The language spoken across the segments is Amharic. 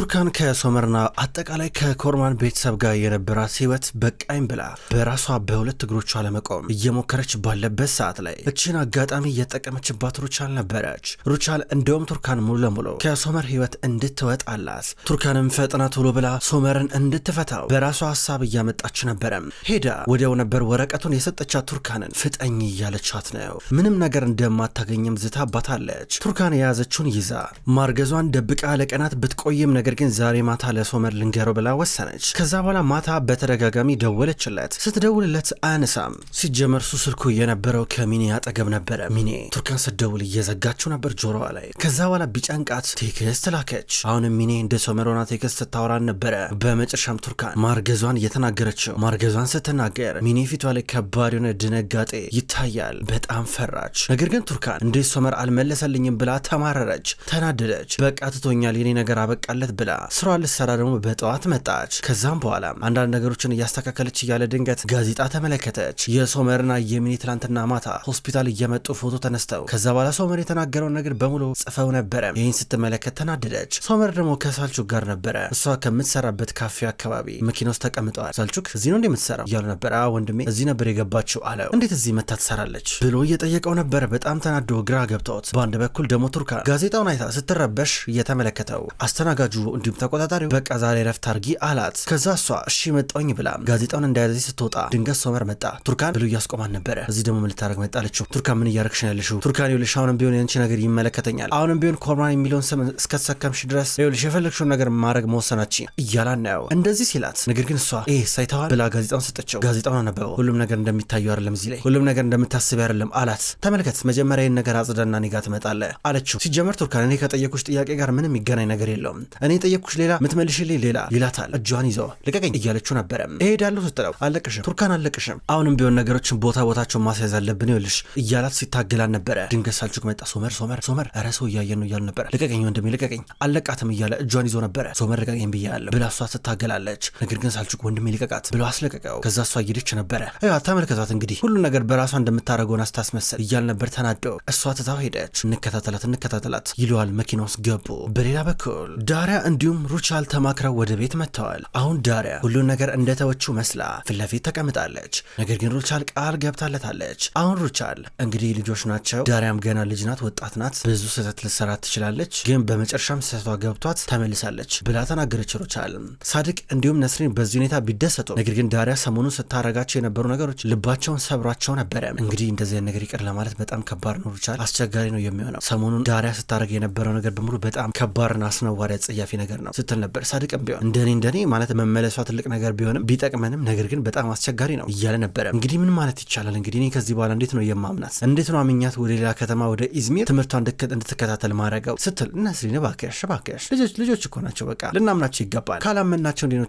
ቱርካን ከሶመርና አጠቃላይ ከኮርማን ቤተሰብ ጋር የነበራት ህይወት በቃኝ ብላ በራሷ በሁለት እግሮቿ ለመቆም እየሞከረች ባለበት ሰዓት ላይ እችን አጋጣሚ እየጠቀመችባት ሩቻል ነበረች። ሩቻል እንደውም ቱርካን ሙሉ ለሙሉ ከሶመር ህይወት እንድትወጣላት ቱርካንም ፈጥና ቶሎ ብላ ሶመርን እንድትፈታው በራሷ ሀሳብ እያመጣች ነበረም። ሄዳ ወዲያው ነበር ወረቀቱን የሰጠቻት ቱርካንን ፍጠኝ እያለቻት ነው። ምንም ነገር እንደማታገኝም ዝታባታለች። ቱርካን የያዘችውን ይዛ ማርገዟን ደብቃ ለቀናት ብትቆይም ነገር ነገር ግን ዛሬ ማታ ለሶመር ልንገረው ብላ ወሰነች። ከዛ በኋላ ማታ በተደጋጋሚ ደወለችለት። ስትደውልለት አያነሳም። ሲጀመር እሱ ስልኩ የነበረው ከሚኔ አጠገብ ነበረ። ሚኔ ቱርካን ስትደውል እየዘጋችው ነበር ጆሮዋ ላይ። ከዛ በኋላ ቢጨንቃት ቴክስት ላከች። አሁንም ሚኔ እንደ ሶመር ሆና ቴክስት ስታወራን ነበረ። በመጨረሻም ቱርካን ማርገዟን እየተናገረችው ማርገዟን ስትናገር ሚኔ ፊቷ ላይ ከባድ የሆነ ድንጋጤ ይታያል። በጣም ፈራች። ነገር ግን ቱርካን እንደ ሶመር አልመለሰልኝም ብላ ተማረረች፣ ተናደደች። በቃ ትቶኛል፣ የኔ ነገር አበቃለት ለማግኘት ብላ ስራዋን ልትሰራ ደግሞ በጠዋት መጣች። ከዛም በኋላ አንዳንድ ነገሮችን እያስተካከለች እያለ ድንገት ጋዜጣ ተመለከተች። የሶመርና የሚኒ ትላንትና ማታ ሆስፒታል እየመጡ ፎቶ ተነስተው ከዛ በኋላ ሶመር የተናገረውን ነገር በሙሉ ጽፈው ነበረ። ይህን ስትመለከት ተናደደች። ሶመር ደግሞ ከሳልቹክ ጋር ነበረ። እሷ ከምትሰራበት ካፌ አካባቢ መኪና ውስጥ ተቀምጠዋል። ሳልቹክ እዚህ ነው እንደ እያሉ ነበር። ወንድሜ እዚህ ነበር የገባችው አለው። እንዴት እዚህ መታ ትሰራለች ብሎ እየጠየቀው ነበረ። በጣም ተናዶ ግራ ገብተውት። በአንድ በኩል ደግሞ ቱርካን ጋዜጣውን አይታ ስትረበሽ እየተመለከተው አስተናጋጁ እንዲሁም ተቆጣጣሪው በቃ ዛሬ ረፍት አርጊ አላት። ከዛ እሷ እሺ መጣውኝ ብላ ጋዜጣውን እንዳያዘ ስትወጣ ድንገት ሶመር መጣ። ቱርካን ብሎ እያስቆማን ነበረ። እዚህ ደግሞ ምን ልታረግ መጣለችው? ቱርካን ምን እያረግሽ ነው ያለሽው? ቱርካን ይኸውልሽ፣ አሁንም ቢሆን የአንቺ ነገር ይመለከተኛል። አሁንም ቢሆን ኮርማን የሚለውን ስም እስከተሰከምሽ ድረስ ይኸውልሽ የፈለግሽውን ነገር ማድረግ መወሰናች እያላን ነው እንደዚህ ሲላት፣ ነገር ግን እሷ ይህ ሳይተዋል ብላ ጋዜጣውን ሰጠችው። ጋዜጣውን አነበበው። ሁሉም ነገር እንደሚታየው አይደለም፣ እዚህ ላይ ሁሉም ነገር እንደምታስብ አይደለም አላት። ተመልከት፣ መጀመሪያ ይህን ነገር አጽዳና እኔ ጋ ትመጣለህ አለችው። ሲጀመር ቱርካን እኔ ከጠየቁች ጥያቄ ጋር ምንም ይገናኝ ነገር የለውም እኔ ጠየቅኩሽ ሌላ ምትመልሽልኝ ሌላ ይላታል። እጇን ይዘው ልቀቀኝ እያለችው ነበረ። እሄዳለሁ ስትለው አለቅሽም ቱርካን አለቅሽም፣ አሁንም ቢሆን ነገሮችን ቦታ ቦታቸውን ማስያዝ አለብን ይልሽ እያላት ሲታገላን ነበረ። ድንገት መጣ። ሶመር ሶመር ሶመር፣ ኧረ ሰው እያየን ነው እያሉ ነበረ። ልቀቀኝ ወንድሜ ልቀቀኝ፣ አለቃትም እያለ እጇን ይዞ ነበረ። ሶመር ልቀቀኝ ብያለሁ ብላ እሷ ትታገላለች። ነገር ግን ሳልቹክ ወንድሜ ልቀቃት ብሎ አስለቀቀው። ከዛ እሷ እየሄደች ነበረ። ተመልከቷት እንግዲህ ሁሉ ነገር በራሷ እንደምታደርገውን አስታስመስል እያል ነበር ተናደው። እሷ ትታው ሄደች። እንከታተላት እንከታተላት ይለዋል። መኪና ውስጥ ገቡ። በሌላ በኩል ዳሪያ እንዲሁም ሩቻል ተማክረው ወደ ቤት መጥተዋል። አሁን ዳሪያ ሁሉን ነገር እንደተወችው መስላ ፊት ለፊት ተቀምጣለች። ነገር ግን ሩቻል ቃል ገብታለታለች። አሁን ሩቻል እንግዲህ ልጆች ናቸው። ዳሪያም ገና ልጅ ናት፣ ወጣት ናት፣ ብዙ ስህተት ልትሰራ ትችላለች፣ ግን በመጨረሻም ስህተቷ ገብቷት ተመልሳለች ብላ ተናገረች ሩቻል። ሳድቅ እንዲሁም ነስሪን በዚህ ሁኔታ ቢደሰቱ፣ ነገር ግን ዳሪያ ሰሞኑን ስታረጋቸው የነበሩ ነገሮች ልባቸውን ሰብሯቸው ነበረ። እንግዲህ እንደዚህ ነገር ይቅር ለማለት በጣም ከባድ ነው ሩቻል፣ አስቸጋሪ ነው የሚሆነው። ሰሞኑን ዳሪያ ስታረግ የነበረው ነገር በሙሉ በጣም ከባድና አስነዋሪ ጽያፍ አስከፊ ነገር ነው ስትል ነበር። ሳድቅም ቢሆን እንደኔ እንደኔ ማለት መመለሷ ትልቅ ነገር ቢሆንም ቢጠቅመንም፣ ነገር ግን በጣም አስቸጋሪ ነው እያለ ነበረ። እንግዲህ ምን ማለት ይቻላል እንግዲህ እኔ ከዚህ በኋላ እንዴት ነው የማምናት? እንዴት ነው አምኛት ወደ ሌላ ከተማ ወደ ኢዝሚር ትምህርቷ እንድትከታተል ማድረገው ስትል ነስሪን እባክሽ እባክሽ ልጆች እኮ ናቸው፣ በቃ ልናምናቸው ይገባል። ካላመናቸው እንዴት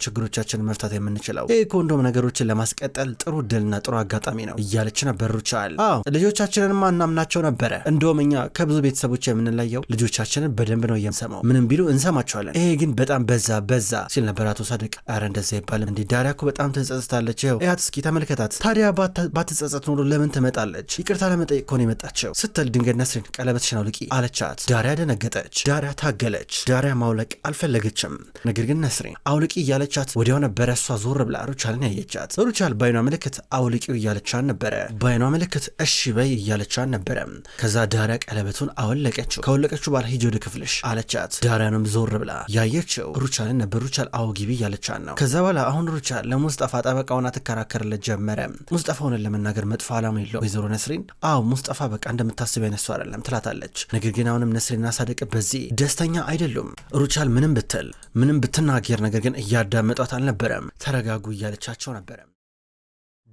ነው መፍታት የምንችለው? ይህ ኮንዶም ነገሮችን ለማስቀጠል ጥሩ እድልና ጥሩ አጋጣሚ ነው እያለች ነበር ሩቻል። አዎ ልጆቻችንንማ እናምናቸው ነበረ። እንደውም እኛ ከብዙ ቤተሰቦች የምንለየው ልጆቻችንን በደንብ ነው የምሰማው። ምንም ቢሉ እንሰማቸዋለን ይላል። ይሄ ግን በጣም በዛ በዛ ሲል ነበር አቶ ሳድቅ። አረ እንደዛ ይባልም እንዲ ዳሪያ እኮ በጣም ተጸጽታለች። ይኸው እያት እስኪ ተመልከታት። ታዲያ ባትጸጸት ኖሮ ለምን ትመጣለች? ይቅርታ ለመጠየቅ ከሆነ የመጣቸው ስትል ድንገት ነስሪን ቀለበትሽን አውልቂ አለቻት። ዳሪያ ደነገጠች። ዳሪያ ታገለች። ዳሪያ ማውለቅ አልፈለገችም። ነገር ግን ነስሪን አውልቂ እያለቻት ወዲያው ነበረ እሷ ዞር ብላ ሩቻልን ያየቻት። ሩቻል ባይኗ ምልክት አውልቂው እያለቻን ነበረ። ባይኗ ምልክት እሺ በይ እያለቻን ነበረ። ከዛ ዳሪያ ቀለበቱን አወለቀችው። ከወለቀችው በኋላ ሂጂ ወደ ክፍልሽ አለቻት። ዳሪያንም ዞር ብላ ያየችው ሩቻልን ነበር። ሩቻል አዎ ግቢ ነው። ከዛ በኋላ አሁን ሩቻል ለሙስጠፋ ጠበቃ ሆና ትከራከርለት ጀመረ። ሙስጠፋ ሆነን ለመናገር መጥፎ አላማ የለው ወይዘሮ ነስሪን አዎ ሙስጠፋ በቃ እንደምታስብ አይነሱ አይደለም ትላታለች። ነገር ግን አሁንም ነስሪና ሳደቅ በዚህ ደስተኛ አይደሉም። ሩቻል ምንም ብትል ምንም ብትናገር ነገር ግን እያዳመጧት አልነበረም። ተረጋጉ እያለቻቸው ነበረም።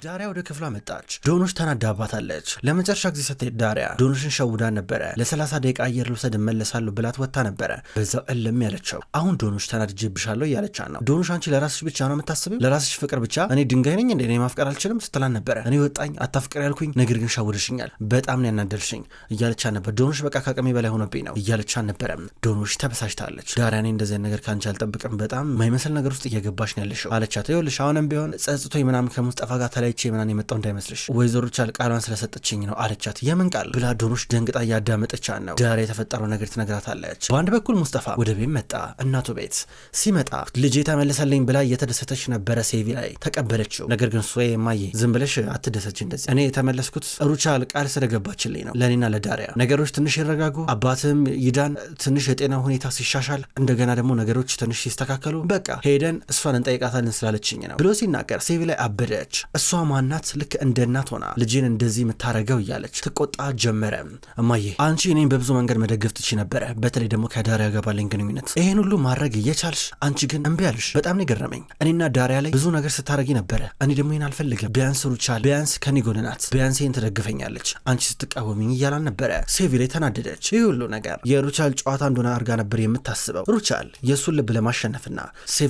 ዳሪያ ወደ ክፍሏ መጣች። ዶኖሽ ተናዳባታለች። ለመጨረሻ ጊዜ ስትሄድ ዳሪያ ዶኖሽን ሸውዳ ነበረ። ለሰላሳ ደቂቃ አየር ልውሰድ እመለሳለሁ ብላት ወጥታ ነበረ። በዛው እልም ያለችው አሁን ዶኖሽ ተናድጄብሻለሁ እያለቻት ነው። ዶኖሽ አንቺ ለራስሽ ብቻ ነው የምታስብም፣ ለራስሽ ፍቅር ብቻ እኔ ድንጋይ ነኝ እንደ እኔ ማፍቀር አልችልም ስትላን ነበረ። እኔ ወጣኝ አታፍቅር ያልኩኝ ነገር ግን ሸውደሽኛል፣ በጣም ነው ያናደልሽኝ እያለቻት ነበር። ዶኖሽ በቃ ከአቅሜ በላይ ሆነብኝ ነው እያለቻት ነበረ። ዶኖሽ ተበሳጭታለች። ዳሪያ እኔ እንደዚህ ነገር ከአንቺ አልጠብቅም፣ በጣም ማይመስል ነገር ውስጥ እየገባሽ ነው ያለሽው አለቻት። ይኸውልሽ አሁንም ቢሆን ጸጽቶኝ ምናምን ከሙስጠፋ ጋር አይቼ ምናን የመጣው እንዳይመስልሽ ወይዘሮ ቻል ቃሏን ስለሰጠችኝ ነው አለቻት። የምን ቃል ብላ ዶኖች ደንግጣ እያዳመጠቻ ነው። ዳር የተፈጠረው ነገር ትነግራታለች። በአንድ በኩል ሙስጠፋ ወደ ቤት መጣ። እናቱ ቤት ሲመጣ ልጄ ተመለሰልኝ ብላ እየተደሰተች ነበረ። ሴቪ ላይ ተቀበለችው። ነገር ግን እሷ የማየ ዝም ብለሽ አትደሰች እንደዚህ እኔ የተመለስኩት ሩቻል ቃል ስለገባችልኝ ነው ለእኔና ለዳሪያ። ነገሮች ትንሽ ይረጋጉ፣ አባትም ይዳን፣ ትንሽ የጤና ሁኔታ ሲሻሻል፣ እንደገና ደግሞ ነገሮች ትንሽ ሲስተካከሉ፣ በቃ ሄደን እሷን እንጠይቃታለን ስላለችኝ ነው ብሎ ሲናገር ሴቪ ላይ አበደች። እሷ እሷ ማናት ልክ እንደ እናት ሆና ልጄን እንደዚህ የምታረገው እያለች ትቆጣ ጀመረ። እማዬ አንቺ እኔም በብዙ መንገድ መደገፍ ትች ነበረ፣ በተለይ ደግሞ ከዳሪያ ጋር ባለኝ ግንኙነት ይሄን ሁሉ ማድረግ እየቻልሽ አንቺ ግን እምቢ አልሽ። በጣም ነው እኔና ዳሪያ ላይ ብዙ ነገር ስታረጊ ነበረ። እኔ ደግሞ ይህን አልፈልግም። ቢያንስ ሩቻል ቢያንስ ከኔ ጎን ናት፣ ቢያንስ ይህን ትደግፈኛለች። አንቺ ስትቃወሚኝ እያላን ነበረ። ሴቪ ላይ ተናደደች። ይህ ሁሉ ነገር የሩቻል ጨዋታ እንደሆነ አርጋ ነበር የምታስበው። ሩቻል የእሱን ልብ ለማሸነፍና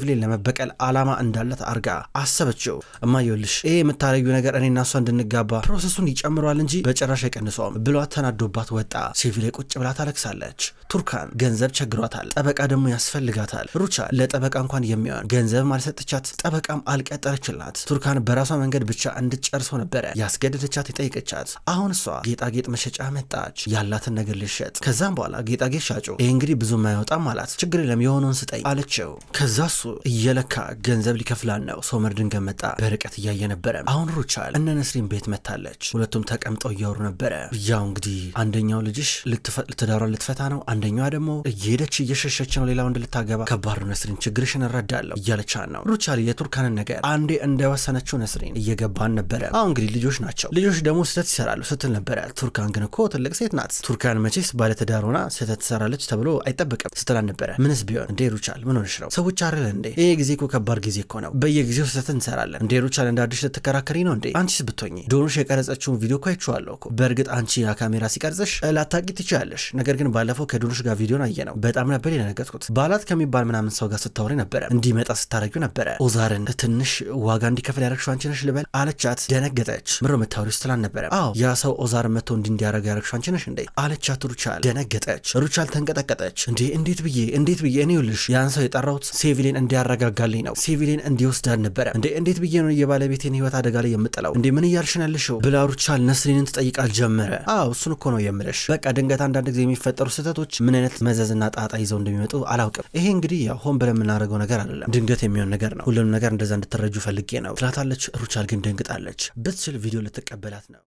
ላይ ለመበቀል አላማ እንዳላት አርጋ አሰበችው። እማየውልሽ ይሄ የምታደርጊው ነገር እኔና እሷ እንድንጋባ ፕሮሰሱን ይጨምረዋል እንጂ በጭራሽ አይቀንሰውም ብሏት ተናዶባት ወጣ። ሲቪ ላይ ቁጭ ብላ ታለቅሳለች። ቱርካን ገንዘብ ቸግሯታል፣ ጠበቃ ደግሞ ያስፈልጋታል። ሩቻ ለጠበቃ እንኳን የሚሆን ገንዘብም አልሰጥቻት፣ ጠበቃም አልቀጠረችላት። ቱርካን በራሷ መንገድ ብቻ እንድትጨርሰው ነበረ ያስገደደቻት የጠየቀቻት። አሁን እሷ ጌጣጌጥ መሸጫ መጣች፣ ያላትን ነገር ልሸጥ። ከዛም በኋላ ጌጣጌጥ ሻጩ። ይህ እንግዲህ ብዙ አይወጣም አላት። ችግር የለም የሆነውን ስጠኝ አለችው። ከዛ እሱ እየለካ ገንዘብ ሊከፍላን ነው። ሶመር ድንገት መጣ። በርቀት እያየ ነበረ አሁን ሩቻል እነ ነስሪን ቤት መታለች። ሁለቱም ተቀምጠው እያወሩ ነበረ። ያው እንግዲህ አንደኛው ልጅሽ ትዳሯ ልትፈታ ነው፣ አንደኛዋ ደግሞ እየሄደች እየሸሸች ነው ሌላ ወንድ ልታገባ። ከባድ ነው ነስሪን፣ ችግርሽን እረዳለሁ እያለቻን ነው። ሩቻል የቱርካንን ነገር አንዴ እንደወሰነችው ነስሪን እየገባን ነበረ። አሁን እንግዲህ ልጆች ናቸው፣ ልጆች ደግሞ ስህተት ይሰራሉ ስትል ነበረ። ቱርካን ግን እኮ ትልቅ ሴት ናት። ቱርካን መቼስ ባለትዳር ሆና ስህተት ትሰራለች ተብሎ አይጠበቅም ስትላን ነበረ። ምንስ ቢሆን እንዴ ሩቻል፣ ምን ሆነሽ ነው? ሰዎች አይደል እንዴ? ይሄ ጊዜ እኮ ከባድ ጊዜ እኮ ነው። በየጊዜው ስህተት እንሰራለን እንዴ ሩቻል፣ እንደ አዲስ ልትከራ እየተከራከሪ ነው እንዴ? አንቺስ ብትሆኚ ዶኑሽ የቀረጸችውን ቪዲዮ እኮ አይቼዋለሁ እኮ። በእርግጥ አንቺ ያ ካሜራ ሲቀርጽሽ ላታቂ ትችላለሽ። ነገር ግን ባለፈው ከዶኑሽ ጋር ቪዲዮን አየ ነው፣ በጣም ነበር የደነገጥኩት። ባላት ከሚባል ምናምን ሰው ጋር ስታወሪ ነበረ፣ እንዲመጣ ስታረጊው ነበረ። ኦዛርን ትንሽ ዋጋ እንዲከፍል ያደረግሽው አንቺ ነሽ ልበል አለቻት። ደነገጠች። ምሮ መታወሪ ውስጥ ላልነበረ አዎ ያ ሰው ኦዛርን መጥቶ እንዲ እንዲያደረግ ያደረግሽው አንቺ ነሽ እንዴ አለቻት። ሩቻል ደነገጠች። ሩቻል ተንቀጠቀጠች። እንዴ እንዴት ብዬ እንዴት ብዬ እኔ ይኸውልሽ ያን ሰው የጠራሁት ሴቪሌን እንዲያረጋጋልኝ ነው፣ ሴቪሌን እንዲወስዳል ነበረ። እንዴ እንዴት ብዬ ነው የባለቤቴን ህይወት አደጋ ላይ የምጥለው እንዴ ምን እያልሽን ያለሽው? ብላ ሩቻል ነስሪንን ትጠይቃል ጀመረ። አዎ እሱን እኮ ነው የምልሽ። በቃ ድንገት አንዳንድ ጊዜ የሚፈጠሩ ስህተቶች ምን አይነት መዘዝና ጣጣ ይዘው እንደሚመጡ አላውቅም። ይሄ እንግዲህ ያው ሆን ብለን የምናደርገው ነገር አይደለም፣ ድንገት የሚሆን ነገር ነው። ሁሉንም ነገር እንደዛ እንድትረጁ ፈልጌ ነው ትላታለች። ሩቻል ግን ደንግጣለች። ብትችል ቪዲዮ ልትቀበላት ነው።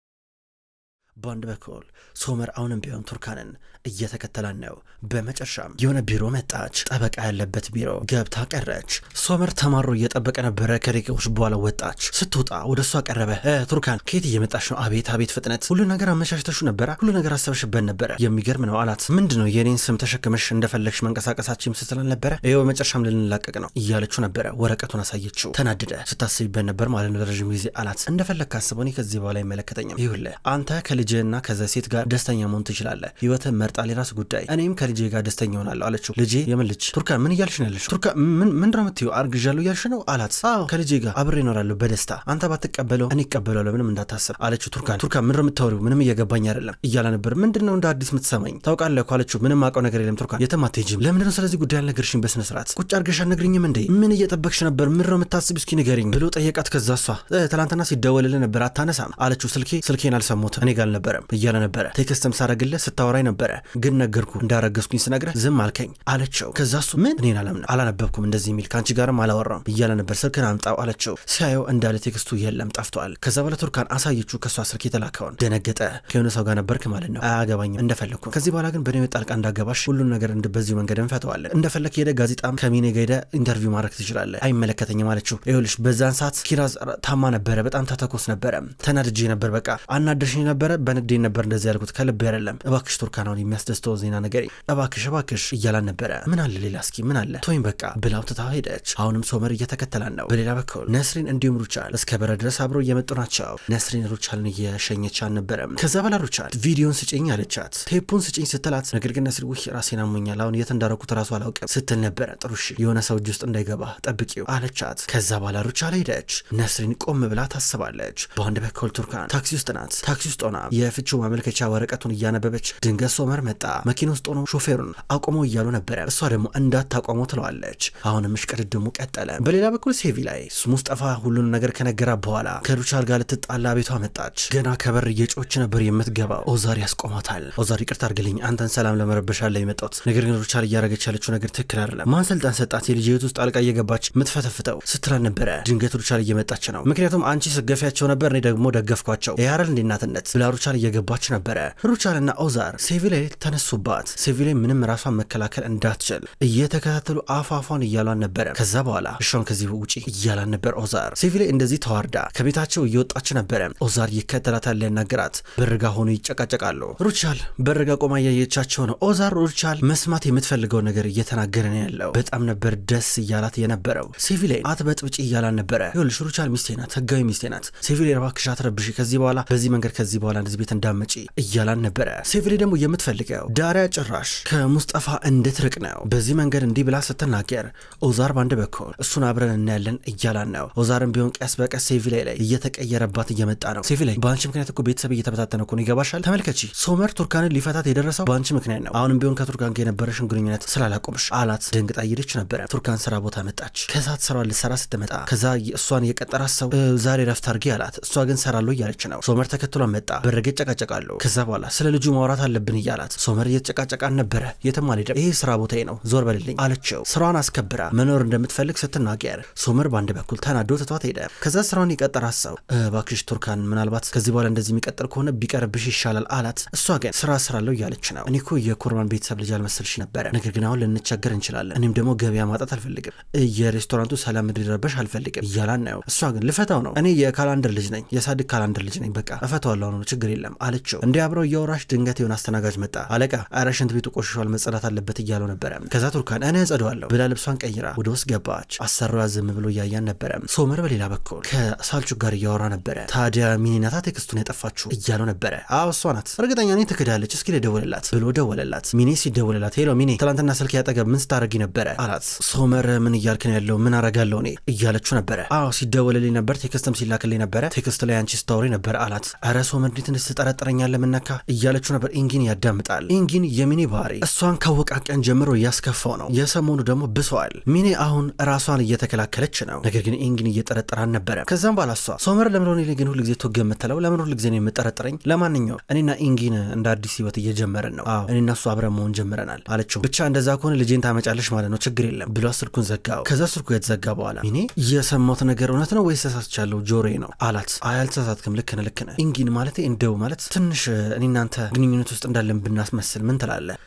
በአንድ በኩል ሶመር አሁንም ቢሆን ቱርካንን እየተከተላን ነው። በመጨረሻም የሆነ ቢሮ መጣች፣ ጠበቃ ያለበት ቢሮ ገብታ ቀረች። ሶመር ተማሮ እየጠበቀ ነበረ። ከደቂቃዎች በኋላ ወጣች። ስትወጣ ወደ እሷ ቀረበ። ቱርካን ከየት እየመጣች ነው? አቤት አቤት ፍጥነት! ሁሉ ነገር አመሻሽተሹ ነበረ፣ ሁሉ ነገር አሰብሽበት ነበረ። የሚገርም ነው አላት። ምንድን ነው የኔን ስም ተሸክመሽ እንደፈለግሽ መንቀሳቀሳችም ስትላል ነበረ? ይኸው በመጨረሻም ልንላቀቅ ነው እያለችው ነበረ። ወረቀቱን አሳየችው። ተናደደ። ስታስቢበት ነበር ማለት ነው ለረዥም ጊዜ አላት። እንደፈለግ ካስበው እኔ ከዚህ በኋላ አይመለከተኝም። ይሁለ አንተ ከልጅ ከልጅህና ከዛ ሴት ጋር ደስተኛ መሆን ትችላለህ። ህይወትህ መርጣ የራስ ጉዳይ። እኔም ከልጄ ጋር ደስተኛ ሆናለሁ አለችው። ልጄ የምን ልጅ ቱርካ? ምን እያልሽ ነው ያለችው? ቱርካ ምን ምን ነው የምትይው? አርግዣለሁ እያልሽ ነው አላት። አዎ ከልጄ ጋር አብሬ እኖራለሁ በደስታ። አንተ ባትቀበለው እኔ እቀበላለሁ፣ ምንም እንዳታስብ አለችው። ቱርካ ቱርካ ምን ነው የምታወሪው? ምንም እየገባኝ አይደለም እያለ ነበር። ምንድን ነው እንደ አዲስ የምትሰማኝ? ታውቃለህ እኮ አለችው። ምንም አውቀው ነገር የለም ቱርካ፣ የትም አትሄጂም። ለምንድን ነው ስለዚህ ጉዳይ አልነገርሽኝ? በስነ ስርዓት ቁጭ አርገሽ አልነግርኝም እንዴ? ምን እየጠበቅሽ ነበር? ምን ነው የምታስብ? እስኪ ንገሪኝ ብሎ ጠየቃት። ከዛ እሷ ትላንትና ሲደወልልህ ነበር አታነሳም አለችው። ስልኬ ስልኬን አልሰሙት እኔ ጋር አልነበረም እያለ ነበረ። ቴክስትም ሳረግልህ ስታወራኝ ነበረ፣ ግን ነገርኩ እንዳረገዝኩኝ ስነግረህ ዝም አልከኝ አለችው። ከዛ እሱ ምን እኔን አለም አላነበብኩም እንደዚህ የሚል ከአንቺ ጋርም አላወራም እያለ ነበር። ስልክን አምጣው አለችው። ሲያየው እንዳለ ቴክስቱ የለም ጠፍቷል። ከዛ በኋላ ቱርካን አሳየችው ከእሷ ስልክ የተላከውን። ደነገጠ። ከሆነ ሰው ጋር ነበርክ ማለት ነው አያገባኝም እንደፈለግኩ ከዚህ በኋላ ግን በእኔ ጣልቃ እንዳገባሽ ሁሉን ነገር በዚሁ መንገድ እንፈተዋለን። እንደፈለግ ሄደ ጋዜጣም ከሚኔ ጋ ሄደ ኢንተርቪው ማድረግ ትችላለህ፣ አይመለከተኝም አለችው። ይኸውልሽ በዛን ሰዓት ኪራዝ ታማ ነበረ፣ በጣም ተተኮስ ነበረ፣ ተናድጄ ነበር፣ በቃ አናደርሽኝ ነበረ በንዴት ነበር እንደዚህ ያልኩት፣ ከልብ አይደለም። እባክሽ ቱርካናውን የሚያስደስተው ዜና ነገር እባክሽ እባክሽ እያላን ነበረ። ምን አለ ሌላ እስኪ ምን አለ ቶይም በቃ ብላው ትታ ሄደች። አሁንም ሶመር እየተከተላን ነው። በሌላ በኩል ነስሪን እንዲሁም ሩቻል እስከ በረ ድረስ አብረው እየመጡ ናቸው። ነስሪን ሩቻልን እየሸኘች አልነበረም። ከዛ በላ ሩቻል ቪዲዮን ስጭኝ አለቻት፣ ቴፑን ስጭኝ ስትላት፣ ነገር ግን ነስሪ ውይ ራሴን አሞኛል፣ አሁን የት እንዳረኩት ራሱ አላውቅም ስትል ነበረ። ጥሩ እሺ የሆነ ሰው እጅ ውስጥ እንዳይገባ ጠብቂው አለቻት። ከዛ በላ ሩቻል ሄደች። ነስሪን ቆም ብላ ታስባለች። በአንድ በኩል ቱርካን ታክሲ ውስጥ ናት። ታክሲ ውስጥ ሆና የፍቺው ማመልከቻ ወረቀቱን እያነበበች ድንገት ሶመር መጣ። መኪና ውስጥ ሆኖ ሾፌሩን አቁመው እያሉ ነበረ። እሷ ደግሞ እንዳታቆመው ትለዋለች። አሁንም እሽቅድድሙ ቀጠለ። በሌላ በኩል ሴቪ ላይ ሙስጠፋ ሁሉን ነገር ከነገራ በኋላ ከዱቻል ጋር ልትጣላ ቤቷ መጣች። ገና ከበር እየጮች ነበር የምትገባው። ኦዛር ያስቆማታል። ኦዛር ይቅርታ አድርግልኝ፣ አንተን ሰላም ለመረበሻ ላይ የመጣሁት ነገር ግን ዱቻል እያደረገች ያለችው ነገር ትክክል አይደለም። ማን ስልጣን ሰጣት? የልጅ ህይወት ውስጥ አልቃ እየገባች ምትፈተፍተው ስትላል ነበረ። ድንገት ዱቻል እየመጣች ነው። ምክንያቱም አንቺ ስገፊያቸው ነበር፣ እኔ ደግሞ ደገፍኳቸው። ያረል እንዲናትነት ብላ ሩቻል እየገባች ነበረ። ሩቻልና ኦዛር ሴቪላ ተነሱባት። ሴቪላ ምንም ራሷን መከላከል እንዳትችል እየተከታተሉ አፏፏን እያሏን ነበረ። ከዛ በኋላ እሷን ከዚህ ውጪ እያላን ነበር ኦዛር። ሴቪላ እንደዚህ ተዋርዳ ከቤታቸው እየወጣች ነበረ። ኦዛር ይከተላታል፣ ሊያናገራት። በርጋ ሆኖ ይጨቃጨቃሉ። ሩቻል በርጋ ቆማ እያየቻቸው ነው። ኦዛር ሩቻል መስማት የምትፈልገው ነገር እየተናገረ ነው ያለው። በጣም ነበር ደስ እያላት የነበረው። ሴቪላ አትበጥብጪ እያላን ነበረ። ይኸውልሽ ሩቻል ሚስቴ ናት፣ ህጋዊ ሚስቴ ናት። ሴቪሌ እባክሽ አትረብሽ፣ ከዚህ በኋላ በዚህ መንገድ ከዚህ በኋላ ወደዚህ ቤት እንዳመጪ እያላን ነበረ። ሴቪሌ ደግሞ የምትፈልገው ዳሪያ ጭራሽ ከሙስጠፋ እንድትርቅ ነው። በዚህ መንገድ እንዲህ ብላ ስትናገር ኦዛር ባንድ በኩል እሱን አብረን እናያለን እያላን ነው። ኦዛርም ቢሆን ቀስ በቀስ ሴቪሌ ላይ እየተቀየረባት እየመጣ ነው። ሴቪሌ በአንቺ ምክንያት እኮ ቤተሰብ እየተበታተነ እኮ ነው፣ ይገባሻል? ተመልከቺ፣ ሶመር ቱርካንን ሊፈታት የደረሰው በአንቺ ምክንያት ነው። አሁንም ቢሆን ከቱርካን ጋር የነበረሽን ግንኙነት ስላላቆምሽ አላት። ደንግጣ እየሄደች ነበረ። ቱርካን ስራ ቦታ መጣች። ከሰዓት ስራ ልሰራ ስትመጣ ከዛ እሷን የቀጠራት ሰው ዛሬ ረፍት አርጊ አላት። እሷ ግን ሰራለሁ እያለች ነው። ሶመር ተከትሏን መጣ። በር እያደረገ ይጨቃጨቃሉ። ከዛ በኋላ ስለ ልጁ ማውራት አለብን እያላት ሶመር እየተጨቃጨቃን ነበረ። የትም አልሄድም፣ ይሄ ስራ ቦታዬ ነው፣ ዞር በልልኝ አለችው። ስራዋን አስከብራ መኖር እንደምትፈልግ ስትናገር ሶመር በአንድ በኩል ተናዶ ትቷት ሄደ። ከዛ ስራውን የቀጠራት ሰው እባክሽ ቱርካን፣ ምናልባት ከዚህ በኋላ እንደዚህ የሚቀጥል ከሆነ ቢቀርብሽ ይሻላል አላት። እሷ ግን ስራ ስራለው እያለች ነው። እኔ እኮ የኮርማን ቤተሰብ ልጅ አልመስልሽ ነበረ፣ ነገር ግን አሁን ልንቸገር እንችላለን። እኔም ደግሞ ገበያ ማጣት አልፈልግም፣ የሬስቶራንቱ ሰላም እንዲረበሽ አልፈልግም እያላን ነው። እሷ ግን ልፈታው ነው፣ እኔ የካላንደር ልጅ ነኝ፣ የሳድቅ ካላንደር ልጅ ነኝ፣ በቃ እፈታዋለሁ ነው ችግር ችግር የለም አለችው። እንዲህ አብረው እያወራች ድንገት የሆነ አስተናጋጅ መጣ። አለቃ ኧረ ሽንት ቤቱ ቆሽሿል መጸዳት አለበት እያለው ነበረ። ከዛ ቱርካን እኔ እጸዳዋለሁ ብላ ልብሷን ቀይራ ወደ ውስጥ ገባች። አሰሪዋ ዝም ብሎ እያያን ነበረ። ሶመር በሌላ በኩል ከሳልቹ ጋር እያወራ ነበረ። ታዲያ ሚኒናታ ቴክስቱን ያጠፋችሁ እያለው ነበረ። አዎ እሷ ናት እርግጠኛ ነኝ ትክዳለች፣ እስኪ ልደውልላት ብሎ ደወለላት። ሚኒ ሲደውልላት ሄሎ ሚኒ ትላንትና ስልክ ያጠገብ ምን ስታደርጊ ነበረ አላት። ሶመር ምን እያልክ ነው ያለው ምን አረጋለሁ እኔ እያለችው ነበረ። አዎ ሲደወልልኝ ነበር ቴክስትም ሲላክልኝ ነበረ ቴክስት ላይ አንቺ ስታወሪ ነበረ አላት። ኧረ ሶመር እንዴት እንዴት ትጠረጥረኛለህ? ምነካ እያለችው ነበር። ኢንጊን ያዳምጣል። ኢንጊን የሚኔ ባህሪ እሷን ካወቃት ቀን ጀምሮ እያስከፋው ነው። የሰሞኑ ደግሞ ብሰዋል። ሚኔ አሁን ራሷን እየተከላከለች ነው። ነገር ግን ኢንጊን እየጠረጠረ አልነበረ። ከዛም በኋላ እሷ ሶመር ለምን ሆነ ግን ጊዜ ቶገ የምትለው ለምን ሁል ጊዜ ነው የምጠረጥረኝ? ለማንኛውም እኔና ኢንጊን እንደ አዲስ ህይወት እየጀመረን ነው። አዎ እኔና እሱ አብረን መሆን ጀምረናል አለችው። ብቻ እንደዛ ከሆነ ልጄን ታመጫለች ማለት ነው፣ ችግር የለም ብሎ ስልኩን ዘጋው። ከዛ ስልኩ የተዘጋ በኋላ ሚኔ የሰማሁት ነገር እውነት ነው ወይስ ተሳስቻለሁ? ጆሮዬ ነው አላት። አይ አልተሳሳትክም፣ ልክ ነህ፣ ልክ ነህ ኢንጊን ማለቴ እንደ ማለት ትንሽ እኔ እናንተ ግንኙነት ውስጥ እንዳለን ብናስመስል ምን ትላለህ?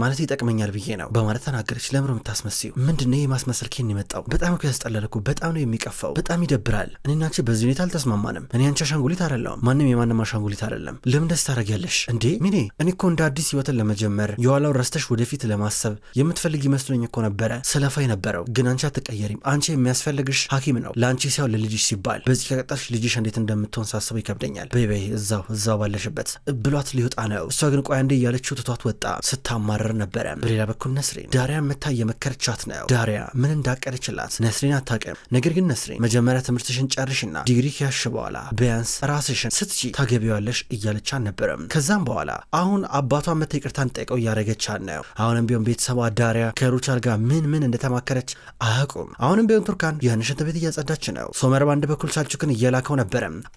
ማለት ይጠቅመኛል ብዬ ነው በማለት ተናገረች። ለምሮ የምታስመስዩ ምንድን ነው የማስመሰል ኬን የመጣው? በጣም እኮ ያስጠላል እኮ በጣም ነው የሚቀፋው። በጣም ይደብራል። እኔና አንቺ በዚህ ሁኔታ አልተስማማንም። እኔ አንቺ አሻንጉሊት አይደለሁም፣ ማንም የማንም አሻንጉሊት አይደለም። ለምን ደስ ታደርጊያለሽ እንዴ ሚኔ? እኔ እኮ እንደ አዲስ ህይወትን ለመጀመር የኋላውን ረስተሽ ወደፊት ለማሰብ የምትፈልግ ይመስሎኝ እኮ ነበረ ሰለፋ የነበረው ግን አንቺ አትቀየሪም። አንቺ የሚያስፈልግሽ ሐኪም ነው ለአንቺ ሲያው ለልጅሽ ሲባል። በዚህ ከቀጣሽ ልጅሽ እንዴት እንደምትሆን ሳስበው ይከብደኛል። በይ በይ እዛው እዛው ባለሽበት ብሏት ሊወጣ ነው። እሷ ግን ቆይ አንዴ እያለችው ትቷት ወጣ ስታ ስታማረር ነበረ። በሌላ በኩል ነስሪን ዳሪያን መታ የመከረቻት ነው። ዳሪያ ምን እንዳቀደችላት ነስሬን አታውቅም። ነገር ግን ነስሪን መጀመሪያ ትምህርትሽን ጨርሽና ዲግሪ ከያሽ በኋላ ቢያንስ ራስሽን ስትቺ ታገቢዋለሽ እያለች አልነበረም። ከዛም በኋላ አሁን አባቷ መታ ይቅርታን ጠይቀው እያደረገቻት ነው። አሁንም ቢሆን ቤተሰቧ ዳሪያ ከሩቻል ጋር ምን ምን እንደተማከረች አያውቁም። አሁንም ቢሆን ቱርካን ያን ሽንት ቤት እያጸዳች ነው። ሶመር በአንድ በኩል ሳልቹክን እየላከው ነበረ።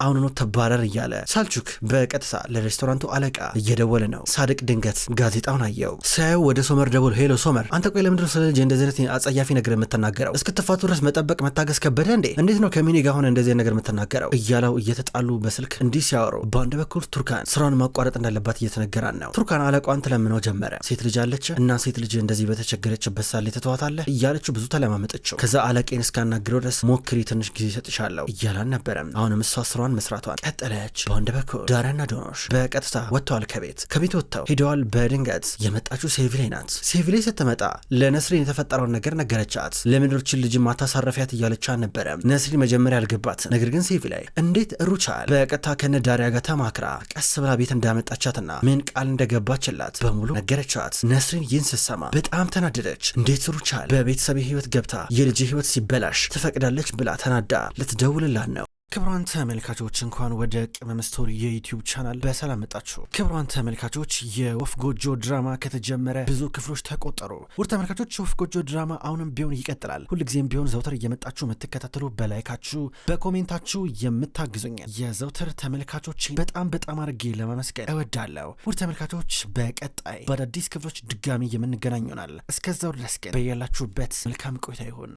አሁንኑ ተባረር እያለ ሳልቹክ በቀጥታ ለሬስቶራንቱ አለቃ እየደወለ ነው። ሳድቅ ድንገት ጋዜጣውን አየው። ሳየው ወደ ሶመር ደውል ሄሎ ሶመር፣ አንተ ቆይ ለምድር ስለ ልጅ እንደዚህ አይነት አጸያፊ ነገር የምትናገረው? እስክትፋቱ ድረስ መጠበቅ መታገስ ከበደ እንዴ? እንዴት ነው ከሚኒ ጋር ሆነ እንደዚህ ነገር የምትናገረው? እያለው እየተጣሉ በስልክ እንዲህ ሲያወሩ፣ በአንድ በኩል ቱርካን ስራውን ማቋረጥ እንዳለባት እየተነገራን ነው። ቱርካን አለቋን ትለምነው ጀመረ። ሴት ልጅ አለች እና ሴት ልጅ እንደዚህ በተቸገረችበት ሳለ ትተዋታለህ እያለችው ብዙ ተለማመጠችው። ከዛ አለቄን እስካናግረው ድረስ ሞክሪ፣ ትንሽ ጊዜ ሰጥሻለሁ እያላን ነበረም። አሁንም እሷ ስራዋን መስራቷን ቀጠለች። በአንድ በኩል ዳሪያና ዶኖሽ በቀጥታ ወጥተዋል። ከቤት ከቤት ወጥተው ሄደዋል። በድንገት የመ የመጣችው ሴቪ ላይ ናት። ሴቪ ላይ ስትመጣ ለነስሪን የተፈጠረውን ነገር ነገረቻት። ለምድሮችን ልጅ ማታሳረፊያት እያለቻ አልነበረም። ነስሪን መጀመሪያ አልገባት። ነገር ግን ሴቪ ላይ እንዴት ሩቻል በቀጥታ ከነ ዳሪያ ጋር ተማክራ ቀስ ብላ ቤት እንዳመጣቻትና ምን ቃል እንደገባችላት በሙሉ ነገረቻት። ነስሪን ይህን ስትሰማ በጣም ተናደደች። እንዴት ሩቻል በቤተሰብ ህይወት ገብታ የልጅ ህይወት ሲበላሽ ትፈቅዳለች ብላ ተናዳ ልትደውልላት ነው። ክብሯን ተመልካቾች እንኳን ወደ ቅመም ስቶሪ የዩቲዩብ ቻናል በሰላም መጣችሁ። ክብሯን ተመልካቾች የወፍ ጎጆ ድራማ ከተጀመረ ብዙ ክፍሎች ተቆጠሩ። ውድ ተመልካቾች የወፍ ጎጆ ድራማ አሁንም ቢሆን ይቀጥላል። ሁልጊዜም ቢሆን ዘውተር እየመጣችሁ የምትከታተሉ በላይካችሁ፣ በኮሜንታችሁ የምታግዙኛል የዘውተር ተመልካቾች በጣም በጣም አድርጌ ለማመስገን እወዳለሁ። ውድ ተመልካቾች በቀጣይ በአዳዲስ ክፍሎች ድጋሚ የምንገናኝ ይሆናል። እስከዛው ድረስ ግን በያላችሁበት መልካም ቆይታ ይሁን።